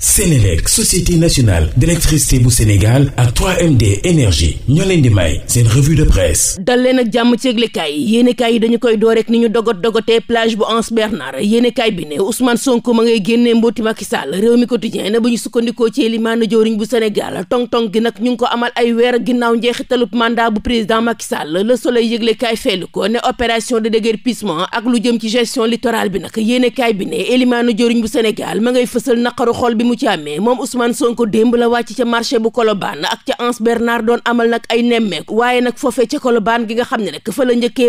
Sénélec société nationale d'électricité bu Sénégal ak 3MD énergie ñoo leen di may seen revue de presse dal leen ak jàmm ci yëglekaay yi yéenekaay yi dañu koy door rek ni ñu dogot dogotee plage bu Anse Bernard yéenekaay bi ne Ousmane Sonko ma ngay génne mbooti Macky Sall réew mi quotidien na bu ñu sukkandikoo ci limaana jëwriñ bu Sénégal tong-tong gi nag ñu ngi ko amal ay weer ginnaaw njeexitalub mandat bu président Macky Sall Le Soleil yëglekaay feelu ko ne opération de déguerpissement ak jëm ci gestion littorale bi nag yéenekaay bi ne limaana jëwriñ bu Sénégal ma ngay fësal naqaru bi mu ci amee moom Ousmane Sonko démb la wàcc ca marché bu Colobane ak ca Anse Bernard doon amal nag ay nemmeeku waaye nag foofee ca Colobane gi nga xam ne rek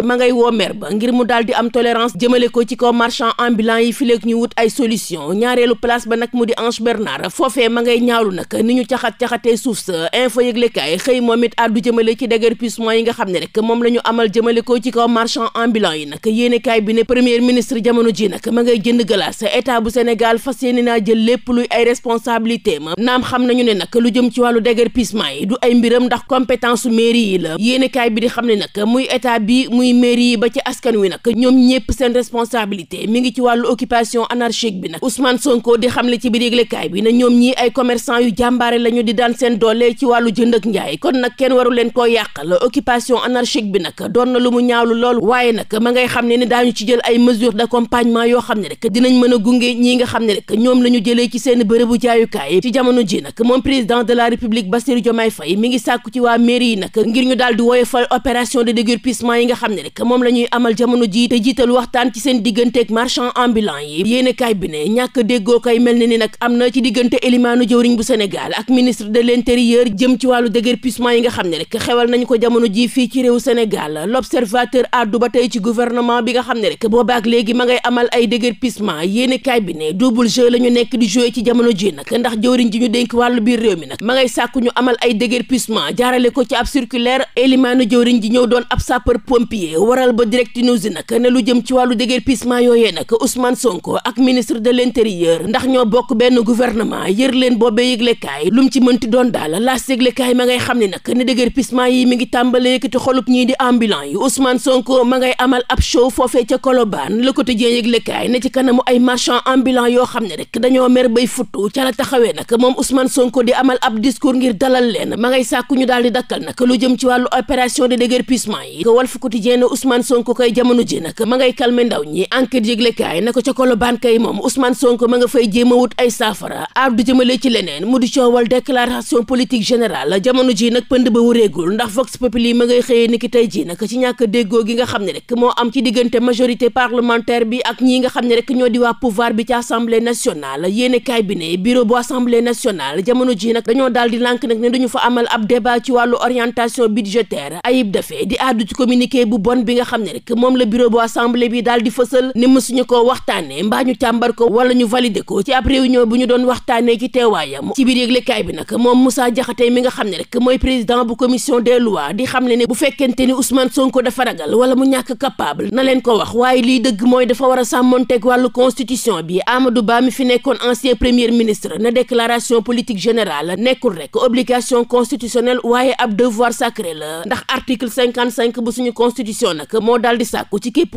moom la amal jëmale ko ci kaw marchand ambulant yi nag yéenekaay bi ne premier ministre jamono ji nag ma ngay jënd glace état bu Sénégal fas yéene naa jël lépp luy ay responsabilité ma naam xam nañu ne nag lu jëm ci wàllu déguerpissement yi du ay mbiram ndax compétence su mairie yi la yéenekaay bi di xam ne nag muy état bi muy mairie yi ba ci askan wi nag ñoom ñépp seen responsabilité mi ngi ci wàllu occupation anarchique bi nag Ousmane Sonko di xam xamle ci biir yëglekaay bi na ñoom ñi ay commerçant yu jàmbaare lañu di daan seen doole ci wàllu jënd ak njaay kon nag kenn waru leen koo yàqal occupation anarchique bi nag doon na lu mu ñaawlu lool waaye nag ma ngay xam ne ni daañu ci jël ay mesures d'accompagnement yoo xam ne rek dinañ mën a gunge ñi xam bërëbu jaayukaay ci jamono ji nag moom président de la république Bassirou Diomaye Faye mi ngi sàkku ci waa mairie yi nag ngir ñu daal di woyofal opération de déguerpissement yi nga xam ne rek moom la ñuy amal jamono ji te jiital waxtaan ci seen digganteeg marchand ambulant yi yéene kaay bi ne ñàkk déggoo kay mel ne ni nag am na ci diggante élimaanu jëwriñ bu Sénégal ak ministre de l'intérieur jëm ci wàllu déguerpissement yi nga xam ne rek xewal nañu ko jamono ji fii ci réew Sénégal l'observateur addu ba tey ci gouvernement bi nga xam ne rek boobaak léegi ma ngay amal ay déguerpissement yéene kaay bi ne double la ñu nekk di jouer ci jamono jamono ji nag ndax jëwriñ ji ñu dénk wàllu biir réew mi nag ma ngay lu jëm ci wàllu déguerpissement yooyee nag Ousmane Sonko ak ministre de l'intérieur ndax ñoo bokk benn gouvernement yër leen boobee yëglekaay lu mu ci mënti doon daal laas yëglekaay ma ngay xam ne nag ne déguerpissement yi mi ngi tàmbale yëkkati xolub ñii di ambulant yi Ousmane Sonko ma ngay amal ab show foofee ca Colobane Le Quotidien yëglekaay ne ci kanamu ay marchand ambulant yoo xam ne rek dañoo mer bay futt artu ca la taxawee nag moom Ousmane Sonko di amal ab discours ngir dalal leen ma ngay sàkku ñu daal dakkal nag lu jëm ci wàllu opération de déguerpissement yi nag ma ngay calmer ndaw ñi enquête yëglekaay na ko ca kay moom Ousmane Sonko ma nga fay jéem a wut ay saafara ardu jëmale ci leneen mu di coowal déclaration politique générale jamono ji nag pënd ba wureegul ndax Vox Populi ma ngay xëyee niki ji nag ci ñàkk déggoo gi nga xam ne rek moo am ne bureau bu assemblée nationale jamono ji nag dañoo daal di nag ne duñu fa amal ab débat ci wàllu orientation budgétaire ayib dafee di àddu ci bu bon bi nga xam ne rek moom la bureau bu assemblée bi daal di fësal mësuñu koo waxtaanee mbaa ñu càmbar ko ñu valider ko ci ab réunion bu ñu doon waxtaanee ci teewaayam ci biir yëglekaay bi nag moom Moussa Diakhaté mi nga xam ne rek mooy président bu commission des lois di xam ne ne bu a sàmmonteeg ministre na déclaration politique générale nekkul rek obligation constitutionnelle waaye ab devoir sacré la ndax article cinquante cinq bu suñu constitution nag moo daal di sàkku ci képp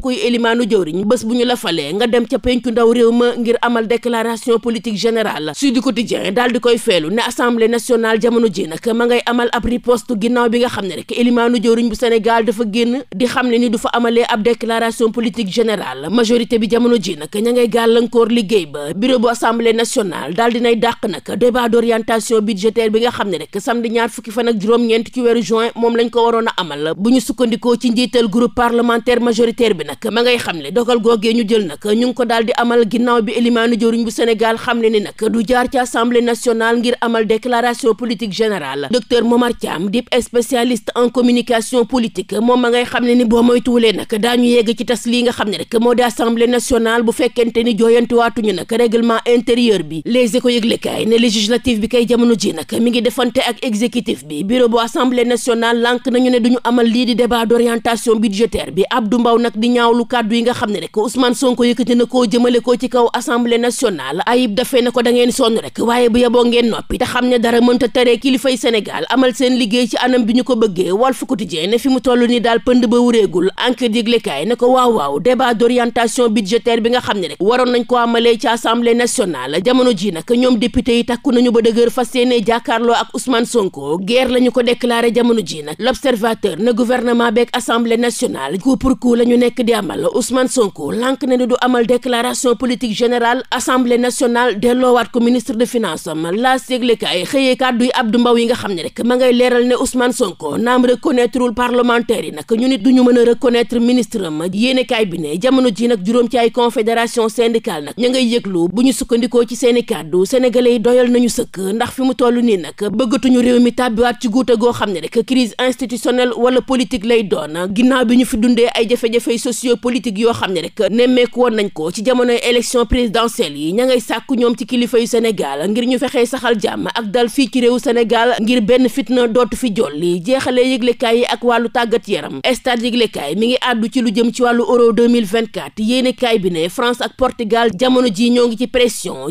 la falee nga dem ca penku ndaw réew ma ngir amal déclaration politique générale Sud Quotidien daal koy feelu ne assemblée ji nag ma ngay amal bi nga xam ne rek élimaanu jëwriñ bu Sénégal dafa génn di xam ne ni du fa amalee ab déclaration politique générale majorité bi jamono ji nag ña ngay gàllankoor liggéey ba bureau bu assemblée nationale national daal dinay dàq nag débat d'orientation budgétaire bi nga xam ne rek samdi ñaar fukki fan ak juróom-ñeent ci weeru juin moom lañ ko waroon a amal bu ñu sukkandikoo ci njiital groupe parlementaire majoritaire bi nag ma ngay xam ne dogal googee ñu jël nag ñu ngi ko daal di amal ginnaaw bi élimaanu jëwriñ bu Sénégal xam ne ni nag du jaar ci assemblée nationale ngir amal déclaration politique générale docteur Momar Thiam dip spécialiste en communication politique moom ma ngay xam ne ni boo moytuwulee nag daañu yegg ci tas lii nga xam ne rek moo di assemblée nationale bu fekkente ni jooyantiwaatuñu nag règlement intérieur bi les éco yëglekaay ne législatif bi kay jamono ji nag mi ngi defante ak exécutif bi bureau bu assemblée nationale lànk nañu ne duñu amal lii di débat d'orientation budgétaire bi Abdou Mbaw nag di ñaawlu kàddu yi nga xam ne rek Ousmane Sonko yëkkati na koo jëmale ko ci kaw assemblée nationale ayib dafee na ko da ngeen sonn rek waaye bu yeboo ngeen noppi te xam ne dara mënta tere kilifay Sénégal amal seen liggéey ci anam bi ñu ko bëggee Walf Quotidien ne fi mu toll ni daal pënd ba wuréegul enquête yëglekaay ne ko waaw waaw débat d'orientation budgétaire bi nga xam ne rek waroon nañ ko amalee ci assemblée nationale jamono ji nag ñoom député yi takku nañu ba dëgër fas yéene jàkkaarloo ak Ousmane Sonko guerre la ñu ko déclaré jamono ji nag l'observateur na gouvernement beeg assemblée nationale coup pour coup la ñu nekk di amal Ousmane Sonko lànk na ne du amal déclaration politique générale assemblée nationale delloowaat ko ministre de finance am laa séglekaay xëyee kàddu yi Abdou xam ne rek ma ngay leeral ne Ousmane Sonko naam reconnaîtreul parlementaire yi nag ñu nit duñu mën a reconnaître ministre am yéenekaay bi ne jamono ji nag juróom ci ay confédération syndicale nag ña ngay yëglu bu ñu sukkandikoo ci seeni kàddu sénégalais yi doyal nañu sëkk ndax fi mu toll nii nag bëggatuñu réew mi tàbbiwaat ci guute goo xam ne rek crise institutionnelle wala politique lay doon ginnaaw bi ñu fi dundee ay jafe-jafey socio yoo xam ne rek nemmeeku woon nañ ko ci jamonoy élection présidentielle yi ña ngay sàkku ñoom ci kilifa yu Sénégal ngir ñu fexee saxal jàmm ak dal fii ci réew Sénégal ngir benn fitna dootu fi jolli jeexale yëglekaay yi ak wàllu tàggat yaram stade yëglekaay mi ngi àddu ci lu jëm ci wàllu euro 2024 yéenekaay bi ne France ak Portugal jamono ji ñoo ngi ci pression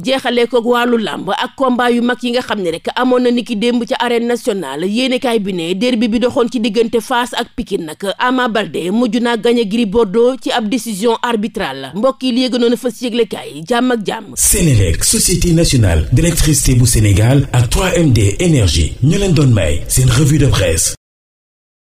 koog wàllu làmb ak combat yu mag yi nga xam ne rek amoon na niki démb ca arène national yéenekaay bi ne derby bi doxoon ci diggante Fass ak Pikine nag Ama Baldé mujj naa gagné Gris Bordeaux ci ab décision arbitrale mbokk yi léegi noonu fas yëglekaay jàmm ak jàmm. Sénélec société nationale d'électricité bu Sénégal ak md énergie ñu leen doon may seen revue de presse.